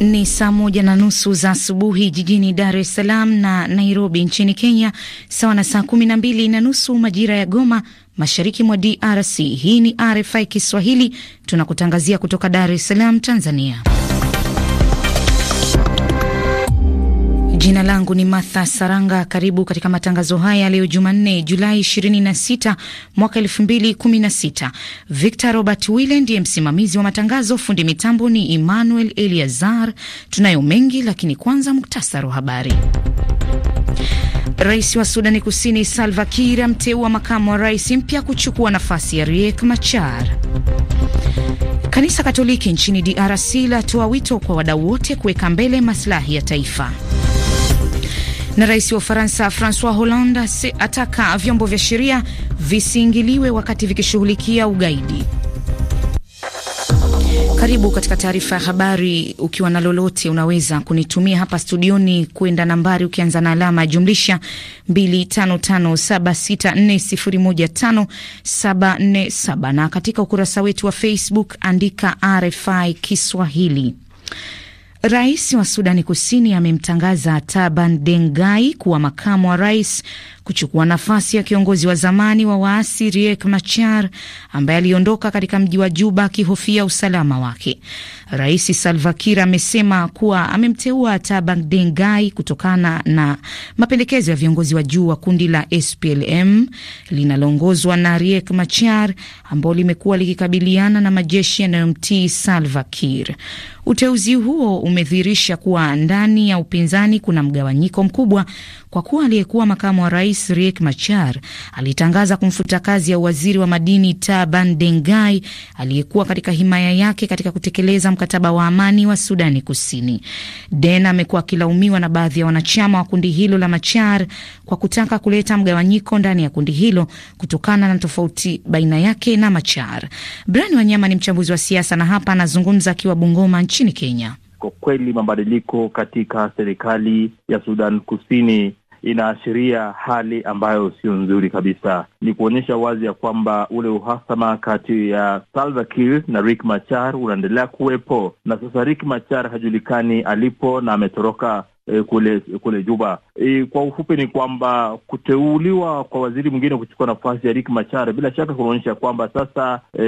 Ni saa moja na nusu za asubuhi jijini Dar es Salaam na Nairobi nchini Kenya, sawa na saa kumi na mbili na nusu majira ya Goma, mashariki mwa DRC. Hii ni RFI Kiswahili, tunakutangazia kutoka Dar es Salaam, Tanzania. Jina langu ni Martha Saranga. Karibu katika matangazo haya leo Jumanne, Julai 26 mwaka 2016. Victor Robert Wille ndiye msimamizi wa matangazo, fundi mitambo ni Emmanuel Eliazar. Tunayo mengi, lakini kwanza muktasari wa habari. Rais wa Sudani Kusini Salva Kiir amteua makamu wa rais mpya kuchukua nafasi ya Riek Machar. Kanisa Katoliki nchini DRC latoa wito kwa wadau wote kuweka mbele maslahi ya taifa. Na rais wa Ufaransa Francois Hollande ataka vyombo vya sheria visiingiliwe wakati vikishughulikia ugaidi. Karibu katika taarifa ya habari. Ukiwa na lolote, unaweza kunitumia hapa studioni kwenda nambari ukianza na alama ya jumlisha 255764015747 na katika ukurasa wetu wa Facebook andika RFI Kiswahili. Rais wa Sudani Kusini amemtangaza Taban Dengai kuwa makamu wa rais kuchukua nafasi ya kiongozi wa zamani wa waasi Riek Machar ambaye aliondoka katika mji wa Juba akihofia usalama wake. Rais Salva Kiir amesema kuwa amemteua Taban Dengai kutokana na mapendekezo ya viongozi wa juu wa kundi la SPLM linaloongozwa na Riek Machar ambao limekuwa likikabiliana na majeshi yanayomtii Salva Kiir. Uteuzi huo umedhihirisha kuwa ndani ya upinzani kuna mgawanyiko mkubwa kwa kuwa aliyekuwa makamu wa rais Riek Machar alitangaza kumfuta kazi ya waziri wa madini Taban Dengai aliyekuwa katika himaya yake katika kutekeleza mkataba wa amani wa Sudani Kusini. Den amekuwa akilaumiwa na baadhi ya wanachama wa kundi hilo la Machar kwa kutaka kuleta mgawanyiko ndani ya kundi hilo kutokana na tofauti baina yake na Machar. Brian Wanyama ni mchambuzi wa siasa na hapa anazungumza akiwa Bungoma nchini Kenya. Kwa kweli mabadiliko katika serikali ya Sudan Kusini inaashiria hali ambayo sio nzuri kabisa. Ni kuonyesha wazi ya kwamba ule uhasama kati ya Salva Kiir na Riek Machar unaendelea kuwepo, na sasa Riek Machar hajulikani alipo na ametoroka e, kule kule Juba. E, kwa ufupi ni kwamba kuteuliwa kwa waziri mwingine kuchukua nafasi ya Riek Machar bila shaka kunaonyesha kwamba sasa e,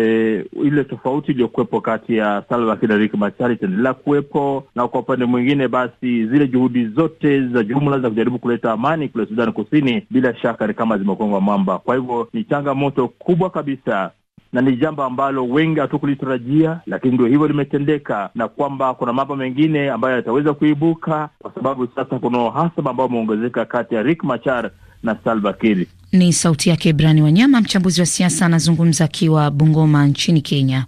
ile tofauti iliyokuwepo kati ya Salva Kiir na Riek Machar itaendelea kuwepo, na kwa upande mwingine basi zile juhudi zote za jumla za kujaribu kuleta amani kule Sudan Kusini bila shaka ni kama zimegongwa mwamba. Kwa hivyo ni changamoto kubwa kabisa na ni jambo ambalo wengi hatukulitarajia, lakini ndio hivyo limetendeka, na kwamba kuna mambo mengine ambayo yataweza kuibuka kwa sababu sasa kuna uhasama ambao umeongezeka kati ya rik Machar na Salva Kiir. Ni sauti yake brani Wanyama, mchambuzi wa siasa, anazungumza akiwa Bungoma nchini Kenya.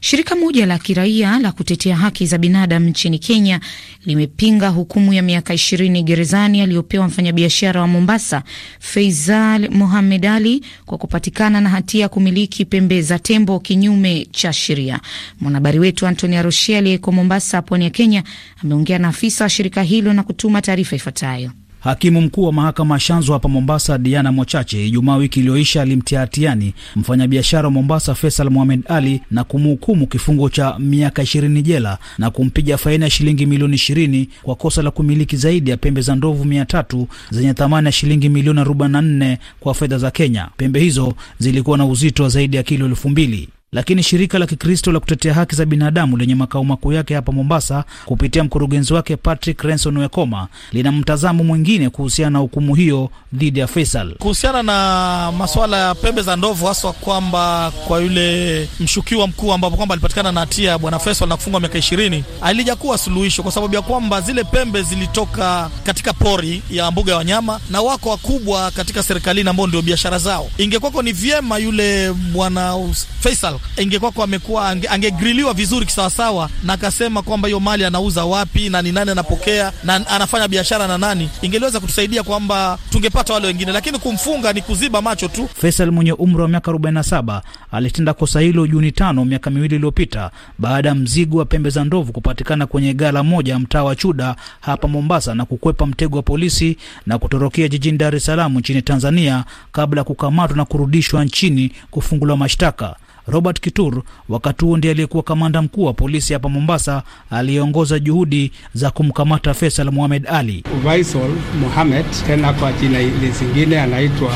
Shirika moja la kiraia la kutetea haki za binadamu nchini Kenya limepinga hukumu ya miaka ishirini gerezani aliyopewa mfanyabiashara wa Mombasa faisal Mohamed Ali kwa kupatikana na hatia ya kumiliki pembe za tembo kinyume cha sheria. Mwanahabari wetu Antonia Rosheli aliyeko Mombasa, pwani ya Kenya, ameongea na afisa wa shirika hilo na kutuma taarifa ifuatayo. Hakimu mkuu wa mahakama Shanzo hapa Mombasa, Diana Mochache, Ijumaa wiki iliyoisha alimtia hatiani mfanyabiashara wa Mombasa Faisal Mohamed Ali na kumhukumu kifungo cha miaka ishirini jela na kumpiga faini ya shilingi milioni ishirini kwa kosa la kumiliki zaidi ya pembe za ndovu mia tatu zenye thamani ya shilingi milioni arobaini na nne kwa fedha za Kenya. Pembe hizo zilikuwa na uzito wa zaidi ya kilo elfu mbili. Lakini shirika la Kikristo la kutetea haki za binadamu lenye makao makuu yake hapa Mombasa, kupitia mkurugenzi wake Patrick Renson Wekoma, lina mtazamo mwingine kuhusiana na hukumu hiyo dhidi ya Faisal. Kuhusiana na masuala ya pembe za ndovu, haswa kwamba kwa yule mshukiwa mkuu ambapo kwamba alipatikana na hatia ya bwana Faisal na kufungwa miaka ishirini, alijakuwa suluhisho kwa sababu ya kwamba zile pembe zilitoka katika pori ya mbuga ya wanyama na wako wakubwa katika serikalini ambao ndio biashara zao. Ingekuwako ni vyema yule bwana Faisal ingekuwa kwa amekuwa ange, angegriliwa vizuri kisawasawa, na akasema kwamba hiyo mali anauza wapi na ni nani anapokea na anafanya biashara na nani, ingeliweza kutusaidia kwamba tungepata wale wengine, lakini kumfunga ni kuziba macho tu. Faisal mwenye umri wa miaka 47 alitenda kosa hilo Juni tano miaka miwili iliyopita baada ya mzigo wa pembe za ndovu kupatikana kwenye gala moja mtaa wa Chuda hapa Mombasa, na kukwepa mtego wa polisi na kutorokea jijini Dar es Salaam nchini Tanzania kabla ya kukamatwa na kurudishwa nchini kufunguliwa mashtaka. Robert kitur wakati huo ndiye aliyekuwa kamanda mkuu wa polisi hapa Mombasa, aliyeongoza juhudi za kumkamata Faisal muhamed Ali. Faisal Muhamed, tena kwa jina zingine anaitwa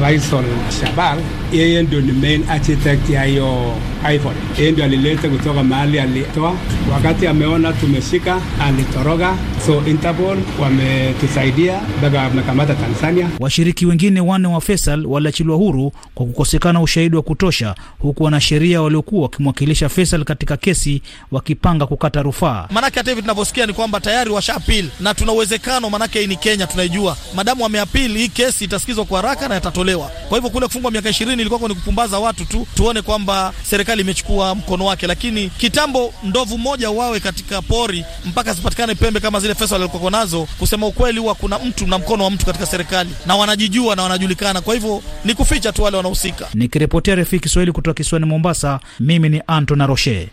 Faisal Shabal, yeye ndio ni main architect ya hiyo ivory. Yeye ndio alileta kutoka mahali alitoa, wakati ameona tumeshika alitoroga, so Interpol wametusaidia mpaka wamekamata Tanzania. Washiriki wengine wanne wa Faisal waliachiliwa huru kwa kukosekana ushahidi wa kutosha huku wanasheria waliokuwa wakimwakilisha Faisal katika kesi wakipanga kukata rufaa. Maanake hata hivi tunavyosikia ni kwamba tayari washaapili na tuna uwezekano, maanake hii ni Kenya tunaijua, madamu wameapil hii kesi itasikizwa kwa haraka na yatatolewa. Kwa hivyo kule kufungwa miaka ishirini ilikuwa ni kupumbaza watu tu, tuone kwamba serikali imechukua mkono wake, lakini kitambo ndovu moja wawe katika pori mpaka zipatikane pembe kama zile Faisal alikuwa nazo. Kusema ukweli, huwa kuna mtu na mkono wa mtu katika serikali na wanajijua na wanajulikana, kwa hivyo ni kuficha tu wale wanahusika. Nikiripotia Rafiki Kiswahili kutoka Kiswahili mjini Mombasa. Mimi ni Antona Roshe.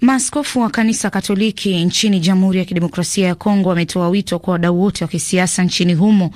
Maaskofu wa kanisa Katoliki nchini Jamhuri ya Kidemokrasia ya Kongo wametoa wito kwa wadau wote wa kisiasa nchini humo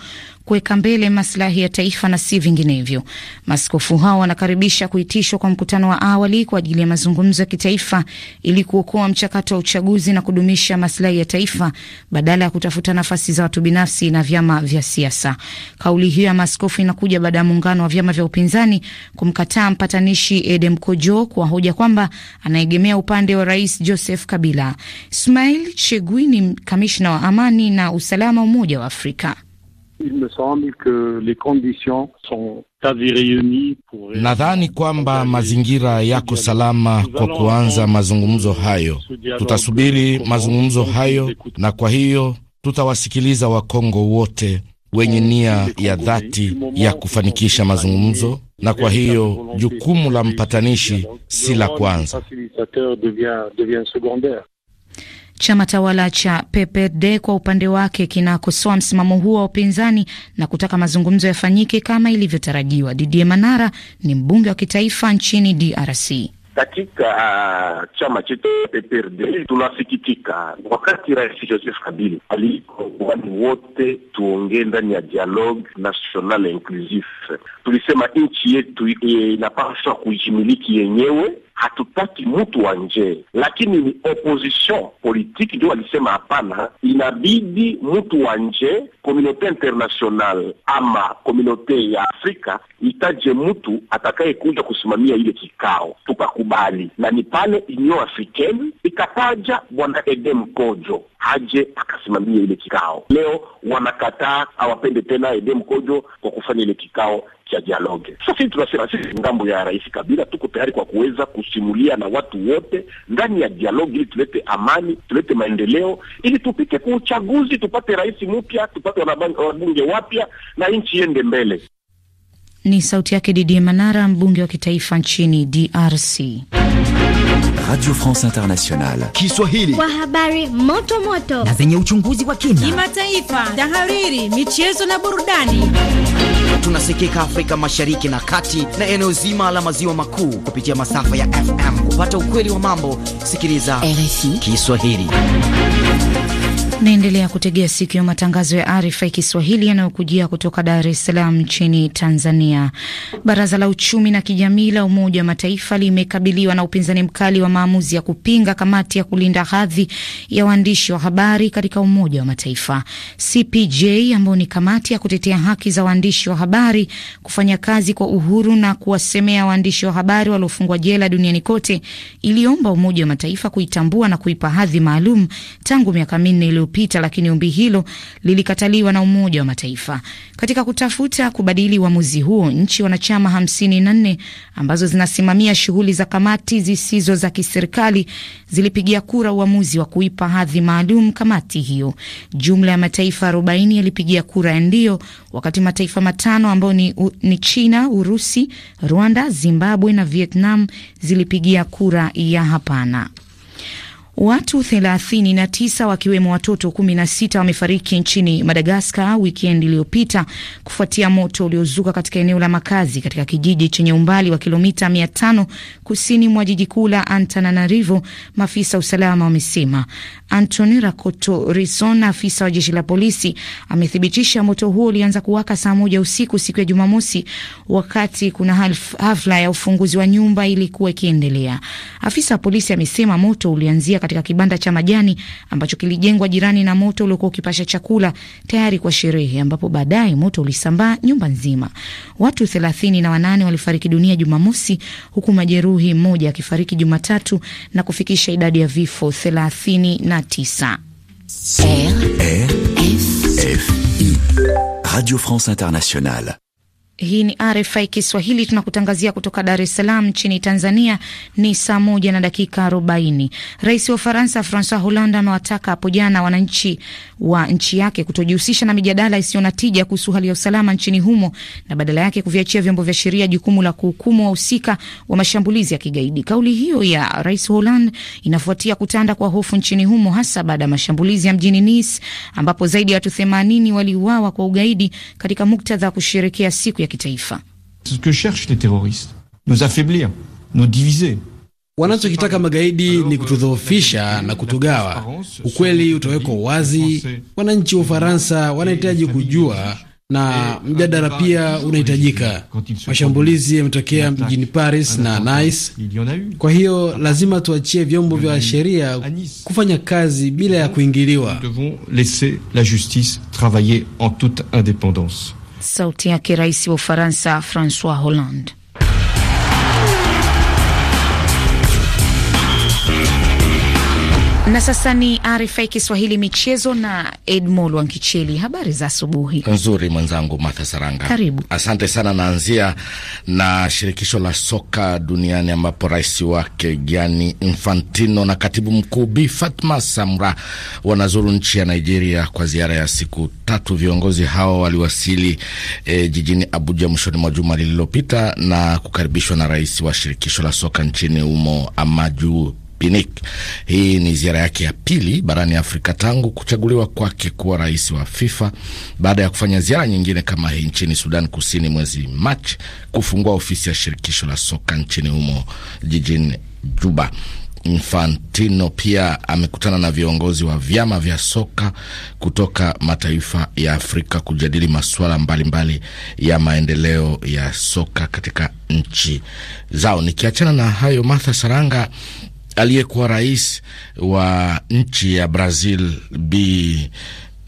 kuweka mbele maslahi ya taifa na si vinginevyo. Maaskofu hao wanakaribisha kuitishwa kwa mkutano wa awali kwa ajili ya mazungumzo ya kitaifa ili kuokoa mchakato wa uchaguzi na kudumisha maslahi ya taifa badala ya kutafuta nafasi za watu binafsi na vyama vya siasa. Kauli hiyo ya maaskofu inakuja baada ya muungano wa vyama vya upinzani kumkataa mpatanishi Edem Kojo kwa hoja kwamba anaegemea upande wa rais Joseph Kabila. Ismail Chegwini, kamishna wa amani na usalama Umoja wa Afrika il me semble que les conditions sont Nadhani kwamba mazingira yako salama kwa kuanza mazungumzo hayo. Tutasubiri mazungumzo hayo, na kwa hiyo tutawasikiliza Wakongo wote wenye nia ya dhati ya kufanikisha mazungumzo, na kwa hiyo jukumu la mpatanishi si la kwanza. Chama tawala cha PPRD kwa upande wake kinakosoa msimamo huo wa upinzani na kutaka mazungumzo yafanyike kama ilivyotarajiwa. Didie Manara ni mbunge wa kitaifa nchini DRC. Katika uh, chama chetu PPRD tunasikitika, wakati Rais Joseph Kabila wani wote tuongee ndani ya dialogue national inclusif. Tulisema nchi yetu eh, inapaswa kujimiliki yenyewe hatutaki mtu wa nje, lakini ni opposition politique ndio walisema hapana, inabidi mtu wa nje, communauté international ama communauté ya Afrika itaje mtu atakayekuja kusimamia ile kikao, tukakubali, na ni pale Union Africaine ikataja bwana Edem Kojo aje akasimamia ile kikao. Leo wanakataa, hawapende tena Edem Kojo kwa kufanya ile kikao cha dialogue. Sasa sisi tunasema sisi ngambo ya Rais Kabila tuko tayari kwa kuweza kusimulia na watu wote ndani ya dialogue, ili tulete amani, tulete maendeleo, ili tupite kwa uchaguzi, tupate rais mpya, tupate wanabunge wapya na nchi iende mbele. Ni sauti yake Didie Manara, mbunge wa kitaifa nchini DRC. Radio France Internationale Kiswahili, kwa habari moto moto na zenye uchunguzi wa kina, kimataifa, tahariri, michezo na burudani. Tunasikika Afrika Mashariki na Kati na eneo zima la maziwa makuu kupitia masafa ya FM. Kupata ukweli wa mambo, sikiliza RFI Kiswahili. Naendelea kutegea siku ya matangazo ya arifa ya Kiswahili yanayokujia kutoka Dar es Salaam nchini Tanzania. Baraza la uchumi na kijamii la Umoja wa Mataifa limekabiliwa na upinzani mkali wa maamuzi ya kupinga kamati ya kulinda hadhi ya waandishi wa habari katika Umoja wa Mataifa CPJ, ambayo ni kamati ya kutetea haki za waandishi wa habari kufanya kazi kwa uhuru na kuwasemea waandishi wa habari waliofungwa jela duniani kote, iliomba Umoja wa Mataifa kuitambua na kuipa hadhi maalum tangu miaka minne iliyopita iliyopita, lakini ombi hilo lilikataliwa na Umoja wa Mataifa. Katika kutafuta kubadili uamuzi huo, nchi wanachama 54 ambazo zinasimamia shughuli za kamati zisizo za kiserikali zilipigia kura uamuzi wa kuipa hadhi maalum kamati hiyo. Jumla ya mataifa 40 yalipigia kura ya ndio, wakati mataifa matano ambayo ni, ni China, Urusi, Rwanda, Zimbabwe na Vietnam zilipigia kura ya hapana. Watu 39 wakiwemo watoto 16 wamefariki nchini Madagaskar wikendi iliyopita kufuatia moto uliozuka katika eneo la makazi katika kijiji chenye umbali wa kilomita 500 kusini mwa jiji kuu la Antananarivo, maafisa usalama wamesema. Antoni Rakoto Rison, afisa wa jeshi la polisi, amethibitisha moto huo ulianza kuwaka saa moja usiku siku ya Jumamosi, wakati kuna hafla ya ufunguzi wa nyumba ilikuwa ikiendelea. Afisa wa polisi amesema moto ulianzia katika kibanda cha majani ambacho kilijengwa jirani na moto uliokuwa ukipasha chakula tayari kwa sherehe, ambapo baadaye moto ulisambaa nyumba nzima. Watu thelathini na wanane walifariki dunia Jumamosi, huku majeruhi mmoja akifariki Jumatatu na kufikisha idadi ya vifo thelathini na tisa. Radio France Internationale. Hii ni RFI Kiswahili, tunakutangazia kutoka Dar es Salaam nchini Tanzania. Ni saa moja na dakika arobaini. Rais wa Ufaransa Francois Hollande amewataka hapo jana wananchi wa nchi yake kutojihusisha na mijadala isiyo na tija kuhusu hali ya usalama nchini humo na badala yake kuviachia vyombo vya sheria jukumu la kuhukumu wahusika wa mashambulizi ya kigaidi. Kauli hiyo ya Rais Hollande inafuatia kutanda kwa hofu nchini humo, hasa baada ya mashambulizi ya mjini Nice ambapo zaidi ya watu themanini waliuawa kwa ugaidi katika muktadha wa kusherekea siku ya kitaifa. Ce que cherchent les terroristes, nous affaiblir, nous diviser. Wanachokitaka magaidi ni euh, kutudhoofisha na kutugawa. Ukweli utawekwa wazi. Wananchi wa Ufaransa wanahitaji kujua na mjadala pia unahitajika. Mashambulizi yametokea mjini Paris na Nice, kwa hiyo lazima tuachie vyombo vya sheria kufanya kazi bila ya kuingiliwa. Sauti yake rais wa Ufaransa Francois Hollande. Na sasa ni RFI Kiswahili michezo na Edmol Wankicheli. Habari za asubuhi. Nzuri mwenzangu Martha Saranga. Karibu. Asante sana. Naanzia na shirikisho la soka duniani ambapo rais wake Gianni Infantino na katibu mkuu Bi Fatma Samra wanazuru nchi ya Nigeria kwa ziara ya siku tatu. Viongozi hao waliwasili e, jijini Abuja mwishoni mwa juma lililopita na kukaribishwa na rais wa shirikisho la soka nchini humo Amaju Pinnick. Hii ni ziara yake ya pili barani Afrika tangu kuchaguliwa kwake kuwa rais wa FIFA baada ya kufanya ziara nyingine kama hii nchini Sudan Kusini mwezi Machi kufungua ofisi ya shirikisho la soka nchini humo jijini Juba. Infantino pia amekutana na viongozi wa vyama vya soka kutoka mataifa ya Afrika kujadili masuala mbalimbali ya maendeleo ya soka katika nchi zao. Nikiachana na hayo, Martha Saranga aliyekuwa rais wa nchi ya Brazil Bi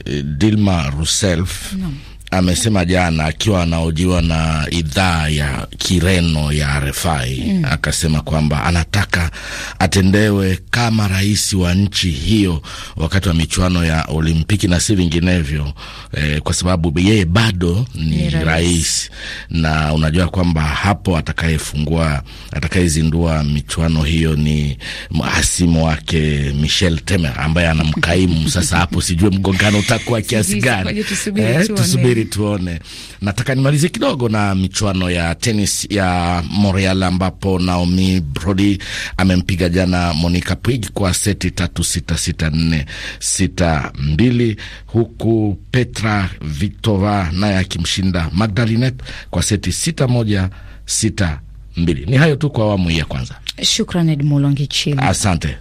eh, Dilma Rousseff no amesema jana akiwa anaojiwa na idhaa ya Kireno ya RFI mm. Akasema kwamba anataka atendewe kama rais wa nchi hiyo wakati wa michuano ya Olimpiki na si vinginevyo eh, kwa sababu yeye bado ni, rais. Rais na unajua kwamba hapo atakayefungua atakayezindua michuano hiyo ni hasimu wake Michel Temer ambaye anamkaimu sasa hapo sijue mgongano utakuwa kiasi gani tusubiri eh, tuone. Nataka nimalize kidogo na michuano ya tenis ya Montreal ambapo Naomi Brody amempiga jana Monica Puig kwa seti tatu sita sita nne sita mbili huku Petra Vitova naye akimshinda Magdalinet kwa seti sita moja sita mbili. Ni hayo tu kwa awamu hii ya kwanza. Shukran Edmulongichili, asante.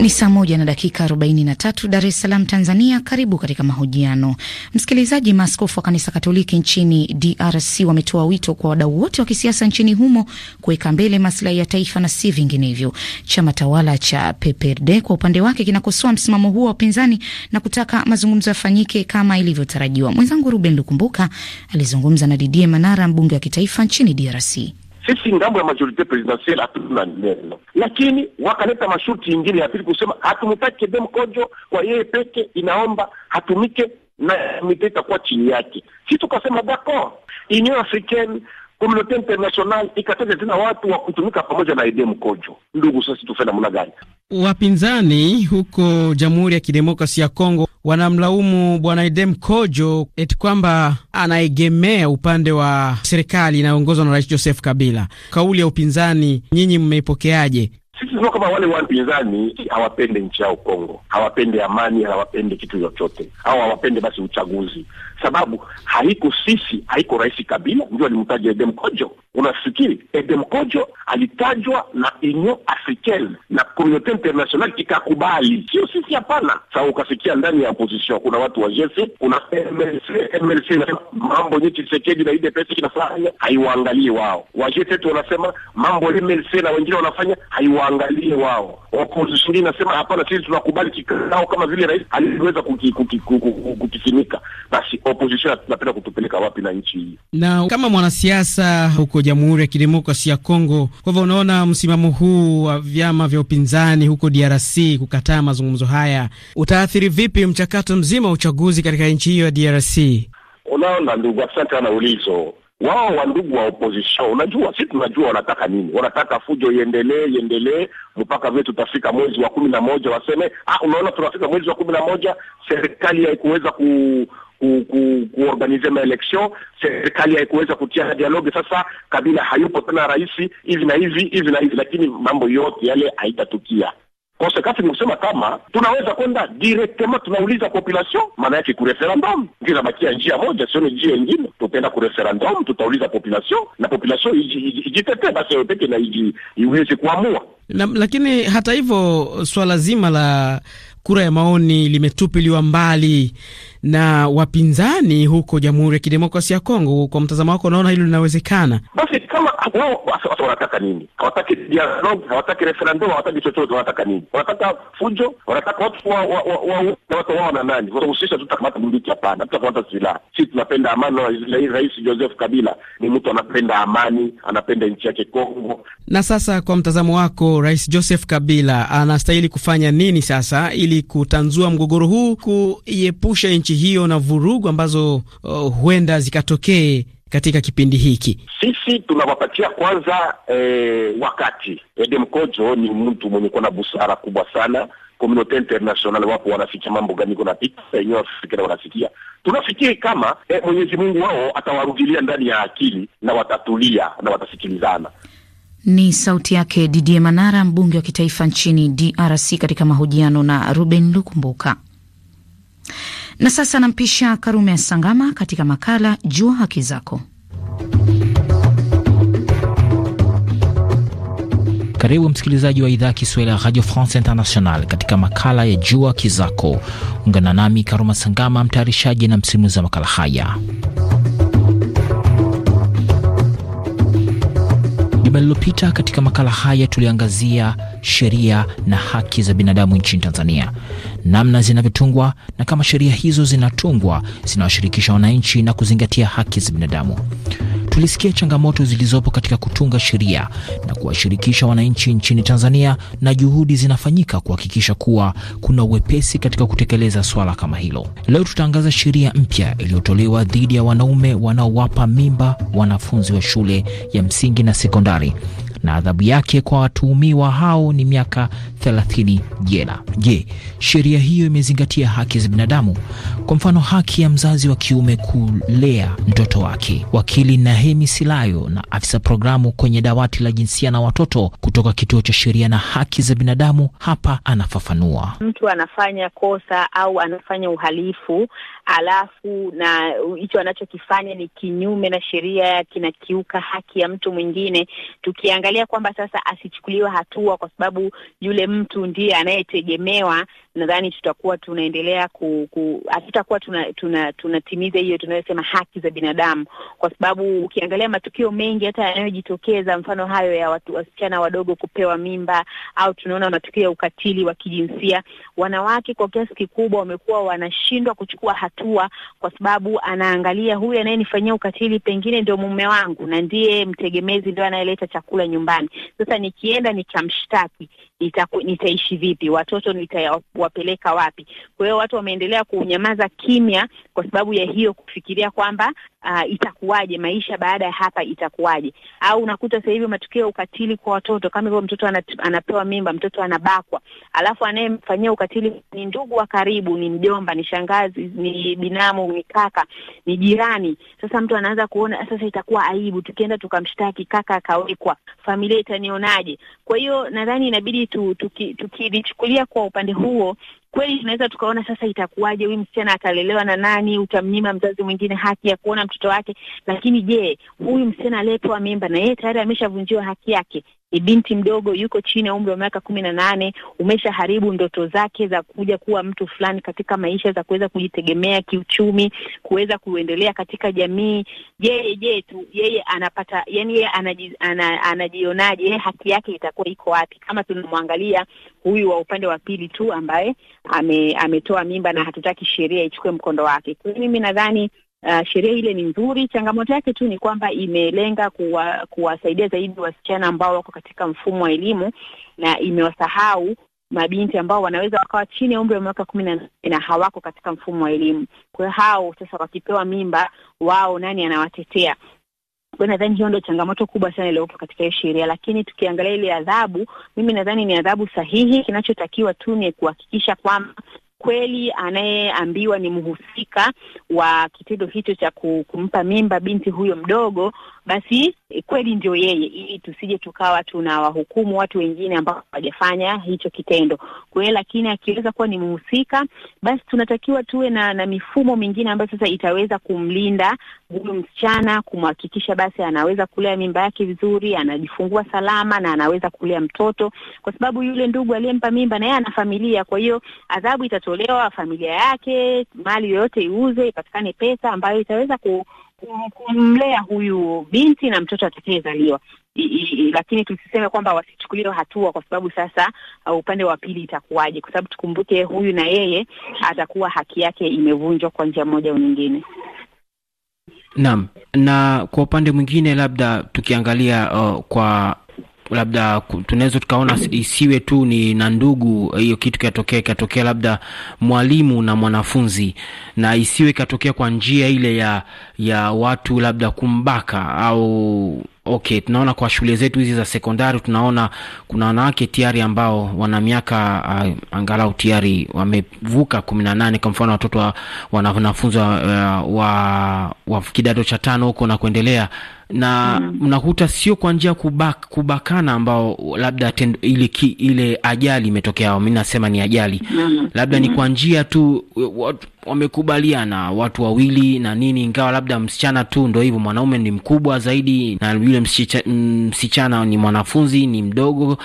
Ni saa moja na dakika 43 Dar es Salaam, Tanzania. Karibu katika mahojiano msikilizaji. Maaskofu wa kanisa Katoliki nchini DRC wametoa wito kwa wadau wote wa kisiasa nchini humo kuweka mbele maslahi ya taifa na si vinginevyo. Chama tawala cha PPRD kwa upande wake kinakosoa msimamo huo wa upinzani na kutaka mazungumzo yafanyike kama ilivyotarajiwa. Mwenzangu Ruben Lukumbuka alizungumza na Didie Manara, mbunge wa kitaifa nchini DRC sisi ngambo ya majorite presidentielle hatuna neno, lakini wakaleta masharti ingine ya pili kusema hatumtaki Kede Mkojo kwa yeye peke, inaomba hatumike na mita itakuwa chini yake. Si tukasema d'accord, Union Africaine Community international ikatete tena watu wa kutumika pamoja na Edem Kojo. Ndugu, sasa tufe namna gani? Wapinzani huko Jamhuri ya Kidemokrasia ya Kongo wanamlaumu bwana Edem Kojo eti kwamba anaegemea upande wa serikali inayoongozwa na Rais Joseph Kabila. Kauli ya upinzani nyinyi mmeipokeaje? Sisi sio kama wale wapinzani, hawapende nchi yao Kongo, hawapende amani, hawapende kitu chochote, au hawapende basi uchaguzi sababu haiko sisi, haiko Rais Kabila ndio alimtaja Edem Kojo. Unafikiri Edem Kojo alitajwa na Union Africaine na komunote international ikakubali, sio sisi, hapana. Saa ukasikia ndani ya opposition kuna watu wa jese, kuna MLC. MLC inasema mambo nyeti Tshisekedi na UDPS kinafanya haiwaangalie wao, wa jese wanasema mambo MLC na wengine wanafanya haiwaangalie wao. Opposition inasema hapana, sisi tunakubali kikao kama vile rais aliweza kukifunika, basi opposition napenda kutupeleka wapi na nchi hii? Na kama mwanasiasa huko Jamhuri ya Kidemokrasia ya Kongo, kwa hivyo unaona msimamo huu wa vyama vya upinzani huko DRC kukataa mazungumzo haya utaathiri vipi mchakato mzima wa uchaguzi katika nchi hiyo ya DRC? Unaona ndugu, asante sana ulizo wao ndugu wa opposition, unajua si tunajua wanataka nini. Wanataka fujo iendelee iendelee mpaka vile tutafika mwezi wa kumi na moja waseme ah, unaona tunafika mwezi wa kumi na moja serikali haikuweza ku ku, ku, kuorganize maelektion Serikali haikuweza kutia dialogi. Sasa Kabila hayupo tena rahisi hivi na hivi hivi na hivi, lakini mambo yote yale haitatukia konsekasi ni kusema kama tunaweza kwenda directement tunauliza population, maana yake kureferendum ndio inabakia njia moja, sioni njia ingine Tutaenda kureferendum, tutauliza population na population ijitetee basi yaopeke na iwezi kuamua lakini hata hivyo swala zima la kura ya maoni limetupiliwa mbali na wapinzani huko Jamhuri ya Kidemokrasia ya Kongo. Kwa mtazamo wako, unaona hilo linawezekana? Basi kama wao wanataka nini? Hawataki dialog, hawataki referendum, hawataki chochote. Wanataka nini? Wanataka fujo, wanataka watu wa wa, watu wao na nani? Kwa sababu sisi tutakamata bunduki? Hapana, tutakamata silaha. Sisi tunapenda amani, na Rais Joseph Kabila ni mtu anapenda amani, anapenda nchi yake Kongo. Na sasa kwa mtazamo wako, Rais Joseph Kabila anastahili kufanya nini sasa ili kutanzua mgogoro huu, kuiepusha nchi hiyo na vurugu ambazo uh, huenda zikatokee katika kipindi hiki? Sisi tunawapatia kwanza eh, wakati. Edem Kojo ni mtu mwenye kuwa na busara kubwa sana. Komunote international wapo wanafikia mambo gani kunapita wenyewe wafikira wanafikia. Tunafikiri kama eh, Mwenyezi Mungu wao atawarudilia ndani ya akili na watatulia na watasikilizana. Ni sauti yake Didie Manara, mbunge wa kitaifa nchini DRC, katika mahojiano na Ruben Lukumbuka. Na sasa nampisha Karume ya Sangama katika makala Jua Haki Zako. Karibu msikilizaji wa idhaa ya Kiswahili ya Radio France International katika makala ya Jua Haki Zako. Ungana nami Karuma Sangama, mtayarishaji na msimu wa makala haya. Juma lililopita katika makala haya tuliangazia sheria na haki za binadamu nchini Tanzania, namna zinavyotungwa na kama sheria hizo zinatungwa zinawashirikisha wananchi na kuzingatia haki za binadamu tulisikia changamoto zilizopo katika kutunga sheria na kuwashirikisha wananchi nchini Tanzania na juhudi zinafanyika kuhakikisha kuwa kuna uwepesi katika kutekeleza swala kama hilo. Leo tutaangaza sheria mpya iliyotolewa dhidi ya wanaume wanaowapa mimba wanafunzi wa shule ya msingi na sekondari na adhabu yake kwa watuhumiwa hao ni miaka 30 jela. Je, sheria hiyo imezingatia haki za binadamu? Kwa mfano, haki ya mzazi wa kiume kulea mtoto wake. Wakili Nahemi Silayo na afisa programu kwenye dawati la jinsia na watoto kutoka kituo cha sheria na haki za binadamu hapa anafafanua. Mtu anafanya kosa au anafanya uhalifu alafu na hicho anachokifanya ni kinyume na sheria, kinakiuka haki ya mtu mwingine tukianga kuangalia kwamba sasa asichukuliwe hatua, kwa sababu yule mtu ndiye anayetegemewa nadhani tutakuwa tunaendelea ku, ku hatutakuwa tunatimiza tuna, tuna, hiyo tunayosema haki za binadamu, kwa sababu ukiangalia matukio mengi hata yanayojitokeza, mfano hayo ya watu wasichana wadogo kupewa mimba, au tunaona matukio ya ukatili wa kijinsia, wanawake kwa kiasi kikubwa wamekuwa wanashindwa kuchukua hatua, kwa sababu anaangalia huyu anayenifanyia ukatili pengine ndio mume wangu na ndiye mtegemezi, ndio anayeleta chakula nyumbani. Sasa nikienda nikamshtaki, nitaishi vipi? Watoto nita kuwapeleka wapi. Kwa hiyo watu wameendelea kunyamaza kimya kwa sababu ya hiyo kufikiria kwamba uh, itakuwaje maisha baada ya hapa itakuwaje, au unakuta sasa hivi matukio ya ukatili kwa watoto kama hivyo, mtoto anat, anapewa mimba, mtoto anabakwa, alafu anayemfanyia ukatili ni ndugu wa karibu, ni mjomba, ni shangazi, ni binamu, ni kaka, ni jirani. Sasa mtu anaanza kuona sasa itakuwa aibu tukienda tukamshtaki kaka akawekwa, familia itanionaje? Kwa hiyo nadhani inabidi tukilichukulia tu, tu, kwa upande huo kweli tunaweza tukaona sasa itakuwaje, huyu msichana akalelewa na nani? Utamnyima mzazi mwingine haki ya kuona mtoto wake. Lakini je, huyu msichana aliyepewa mimba na yeye tayari ameshavunjiwa haki yake, ni binti mdogo, yuko chini ya umri wa miaka kumi na nane, umeshaharibu ndoto zake za kuja kuwa mtu fulani katika maisha, za kuweza kujitegemea kiuchumi, kuweza kuendelea katika jamii. yeye je tu yeye anapata yani, yeye anajionaje? Ana, ana haki yake itakuwa iko wapi kama tunamwangalia huyu wa upande wa pili tu ambaye ame, ametoa mimba na hatutaki sheria ichukue mkondo wake. Kwa hiyo mimi nadhani Uh, sheria ile ni nzuri. Changamoto yake tu ni kwamba imelenga kuwa, kuwasaidia zaidi wasichana ambao wako katika mfumo wa elimu na imewasahau mabinti ambao wanaweza wakawa chini ya umri wa miaka kumi na nane na hawako katika mfumo wa elimu. Kwa hiyo hao sasa wakipewa mimba, wao nani anawatetea? Kwa nadhani hiyo ndio changamoto kubwa sana iliyopo katika hiyo sheria, lakini tukiangalia ile adhabu, mimi nadhani ni adhabu sahihi. Kinachotakiwa tu ni kuhakikisha kwamba kweli anayeambiwa ni mhusika wa kitendo hicho cha kumpa mimba binti huyo mdogo, basi eh, kweli ndio yeye, ili tusije tukawa tuna wahukumu watu wengine ambao hawajafanya hicho kitendo. Kwa hiyo, lakini akiweza kuwa ni mhusika, basi tunatakiwa tuwe na, na mifumo mingine ambayo sasa itaweza kumlinda huyu msichana kumhakikisha basi anaweza kulea mimba yake vizuri, anajifungua salama na anaweza kulea mtoto, kwa sababu yule ndugu aliyempa mimba na yeye ana familia. Kwa hiyo adhabu itatolewa, familia yake, mali yoyote iuze, ipatikane pesa ambayo itaweza ku kumlea huyu binti na mtoto atakayezaliwa. Lakini tusiseme kwamba wasichukuliwe hatua, kwa sababu sasa uh, upande wa pili itakuwaje? Kwa sababu tukumbuke, huyu na yeye atakuwa haki yake imevunjwa kwa njia moja au nyingine. Naam, na kwa upande mwingine labda tukiangalia uh, kwa labda tunaweza tukaona isiwe tu ni na ndugu, hiyo kitu kiatokea ikatokea labda mwalimu na mwanafunzi, na isiwe ikatokea kwa njia ile ya ya watu labda kumbaka au Okay, tunaona kwa shule zetu hizi za sekondari tunaona kuna wanawake tiari ambao wana miaka uh, angalau tiari wamevuka kumi na nane. Kwa mfano watoto wanafunzwa wa, uh, wa, wa kidato cha tano huko na kuendelea na mm-hmm. mnakuta mm, sio kwa njia kubak, kubakana ambao labda tendo, ile, ki, ile ajali imetokea. Mi nasema ni ajali mm, labda mm, ni mm-hmm. kwa njia tu uh, watu, wamekubaliana watu wawili na nini, ingawa labda msichana tu ndo hivyo, mwanaume ni mkubwa zaidi na yule msichana ni mwanafunzi, ni mdogo,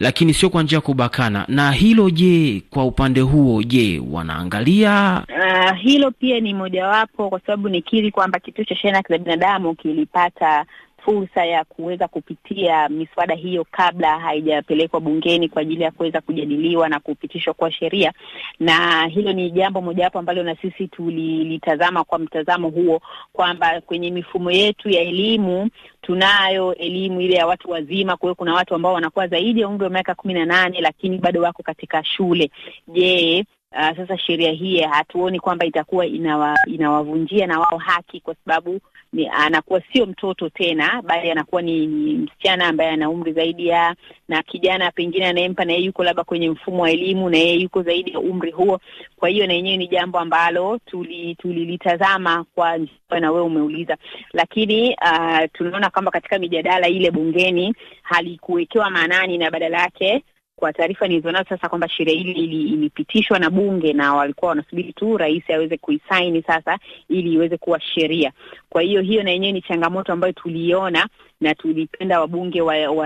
lakini sio kwa njia ya kubakana. Na hilo je, kwa upande huo je, wanaangalia uh, hilo pia ni mojawapo, kwa sababu nikiri kwamba kituo cha shehena za binadamu kilipata fursa ya kuweza kupitia miswada hiyo kabla haijapelekwa bungeni kwa ajili ya kuweza kujadiliwa na kupitishwa kwa sheria, na hilo ni jambo mojawapo ambalo na sisi tulilitazama kwa mtazamo huo kwamba kwenye mifumo yetu ya elimu tunayo elimu ile ya watu wazima. Kwa hiyo kuna watu ambao wanakuwa zaidi ya umri wa miaka kumi na nane lakini bado wako katika shule. Je, uh, sasa sheria hii hatuoni kwamba itakuwa inawa, inawavunjia na wao haki, kwa sababu ni anakuwa sio mtoto tena, bali anakuwa ni msichana ambaye ana umri zaidi ya na kijana pengine anayempa na yeye yuko labda kwenye mfumo wa elimu na yeye yuko zaidi ya umri huo. Kwa hiyo na yenyewe ni jambo ambalo tulilitazama tuli kwa njia na wewe umeuliza, lakini uh, tunaona kwamba katika mijadala ile bungeni halikuwekewa maanani na badala yake kwa taarifa nilizonazo sasa kwamba sheria hili ilipitishwa na bunge na walikuwa wanasubiri tu rais aweze kuisaini sasa ili iweze kuwa sheria. Kwa hiyo hiyo na yenyewe ni changamoto ambayo tuliiona na tulipenda wabunge waitazame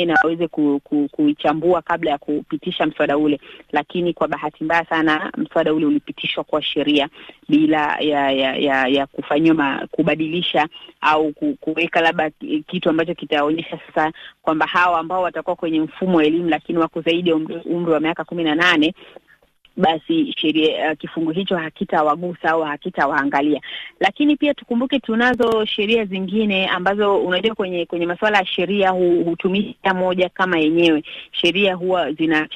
wa, wa, wa na waweze ku, ku, kuichambua kabla ya kupitisha mswada ule, lakini kwa bahati mbaya sana mswada ule ulipitishwa kwa sheria bila ya ya, ya, ya kufanyiwa kubadilisha au kuweka labda kitu ambacho kitaonyesha sasa kwamba hawa ambao watakuwa kwenye mfumo elimu lakini wako zaidi ya umri wa miaka kumi na nane basi sheria uh, kifungu hicho hakitawagusa au hakitawaangalia. Lakini pia tukumbuke tunazo sheria zingine ambazo unajua kwenye kwenye masuala ya sheria hu, hutumia moja kama yenyewe. Sheria huwa zina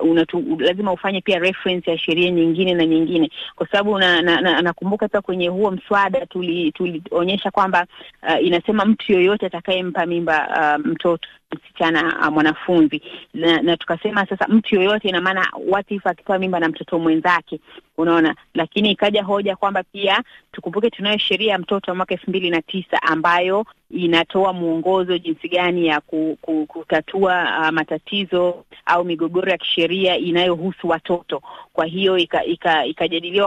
un, lazima ufanye pia reference ya sheria nyingine na nyingine, kwa sababu nakumbuka na, na pia kwenye huo mswada tulionyesha tuli kwamba uh, inasema mtu yoyote atakayempa mimba uh, mtoto msichana ah, mwanafunzi na, na tukasema sasa mtu yoyote, ina maana watifu akitoa mimba na mtoto mwenzake, unaona. Lakini ikaja hoja kwamba pia tukumbuke tunayo sheria ya mtoto ya mwaka elfu mbili na tisa ambayo inatoa mwongozo jinsi gani ya ku, ku, kutatua uh, matatizo au migogoro ya kisheria inayohusu watoto. Kwa hiyo ikajadiliwa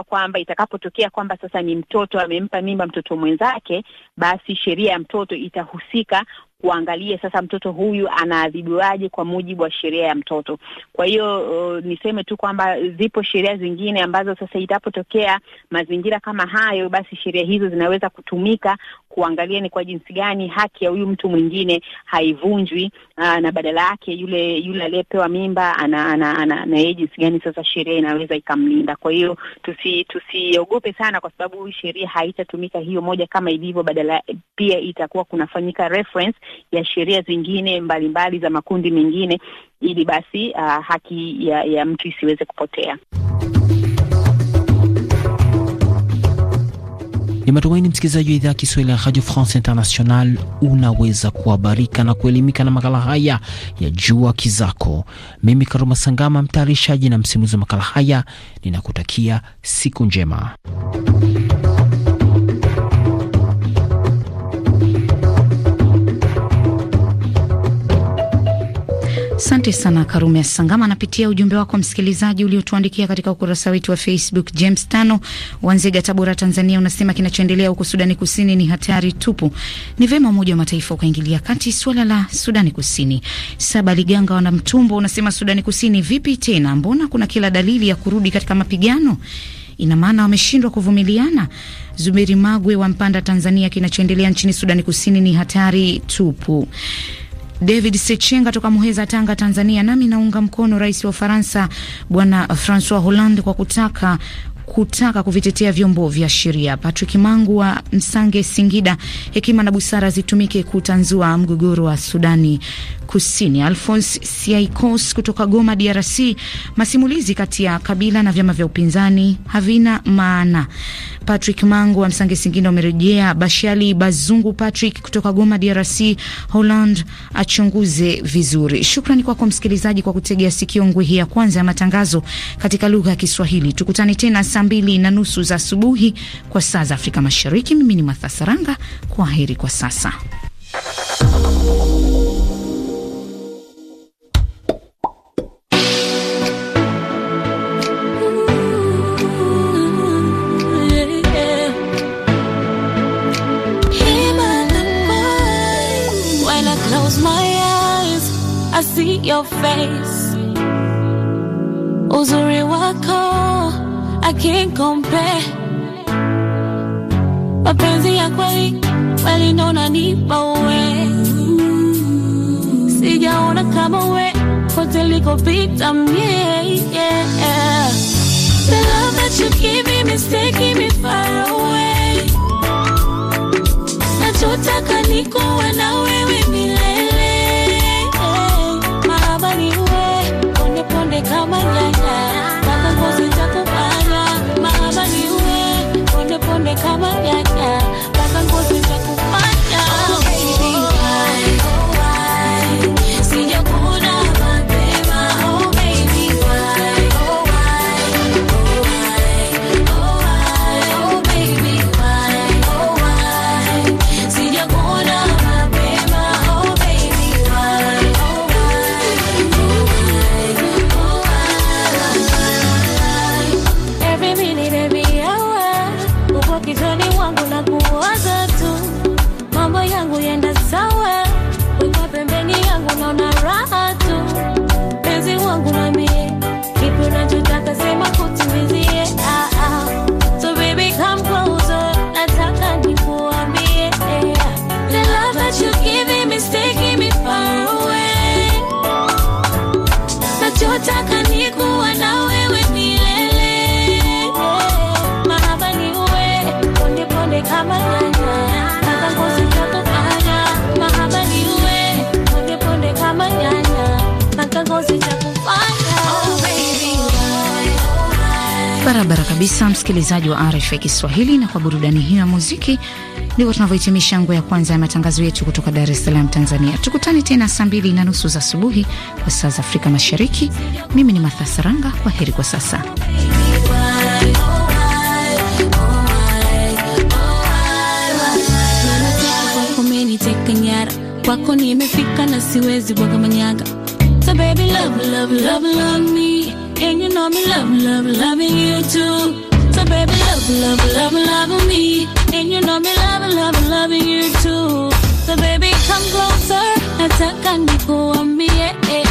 ika, ika kwamba itakapotokea kwamba sasa ni mtoto amempa mimba mtoto mwenzake, basi sheria ya mtoto itahusika kuangalia sasa mtoto huyu anaadhibiwaje kwa mujibu wa sheria ya mtoto. Kwa hiyo uh, niseme tu kwamba zipo sheria zingine ambazo sasa itapotokea mazingira kama hayo, basi sheria hizo zinaweza kutumika kuangalia ni kwa jinsi gani haki ya huyu mtu mwingine haivunjwi, uh, na badala yake yule yule aliyepewa mimba ana, ana, ana, na yeye jinsi gani sasa sheria inaweza ikamlinda. Kwa hiyo tusi tusiogope sana, kwa sababu sheria haitatumika hiyo moja kama ilivyo, badala pia itakuwa kunafanyika reference ya sheria zingine mbalimbali mbali za makundi mengine, ili basi uh, haki ya, ya mtu isiweze kupotea. Ni matumaini msikilizaji wa idhaa ya Kiswahili ya Radio France International unaweza kuhabarika na kuelimika na makala haya ya Jua Kizako. Mimi Karuma Sangama, mtayarishaji na msimuzi wa makala haya, ninakutakia siku njema. Asante sana Karume Asangama. Anapitia ujumbe wako msikilizaji uliotuandikia katika ukurasa wetu wa Facebook. James Tano Wanzega, Tabora, Tanzania, unasema kinachoendelea huko Sudani Kusini ni hatari tupu, ni vema Umoja wa Mataifa ukaingilia kati swala la Sudani Kusini. Saba Liganga Wanamtumbo unasema Sudani Kusini vipi tena? Mbona kuna kila dalili ya kurudi katika mapigano? Ina maana wameshindwa kuvumiliana. Zuberi Magwe wa Mpanda, Tanzania, kinachoendelea nchini Sudani Kusini ni hatari tupu. David Sechenga toka Muheza, Tanga, Tanzania. Nami naunga mkono rais wa Ufaransa Bwana Francois Hollande kwa kutaka kutaka kuvitetea vyombo vya sheria. Patrick Mangu wa Msange, Singida, hekima na busara zitumike kutanzua mgogoro wa Sudani Kusini. Alphonse Siaikos kutoka Goma, DRC, masimulizi kati ya Kabila na vyama vya upinzani havina maana. Patrick Mangu wa Msange Singine umerejea. Bashali Bazungu Patrick kutoka Goma, DRC, Holland achunguze vizuri. Shukrani kwako kwa msikilizaji kwa kutegea sikio ngwe hii ya kwanza ya matangazo katika lugha ya Kiswahili. Tukutane tena saa mbili na nusu za asubuhi kwa saa za Afrika Mashariki. Mimi ni Mathasaranga, kwa heri kwa sasa. close my eyes, I see your face. Uzuri wako, I can't compare. Mapenzi ya kweli, kweli ndo unanipa we. Sijaona kama we, kote likopita mie, yeah. The love that you give me is taking me far away. Nachotaka nikuwe na wewe Barabara kabisa, msikilizaji wa RFI Kiswahili, na kwa burudani hiyo ya muziki ndivyo tunavyohitimisha nguo ya kwanza ya matangazo yetu kutoka Dar es Salaam, Tanzania. Tukutane tena saa mbili na nusu za asubuhi kwa saa za Afrika Mashariki. Mimi ni Martha Saranga, kwa heri kwa sasa. kwako nimefika na siwezi bwaga manyaga, so baby love, love, love, love me And you know me love, love, loving you too. So baby, love, love, love, love me. And you know me love, love, loving you too. So baby, come closer. Attack and me, yeah.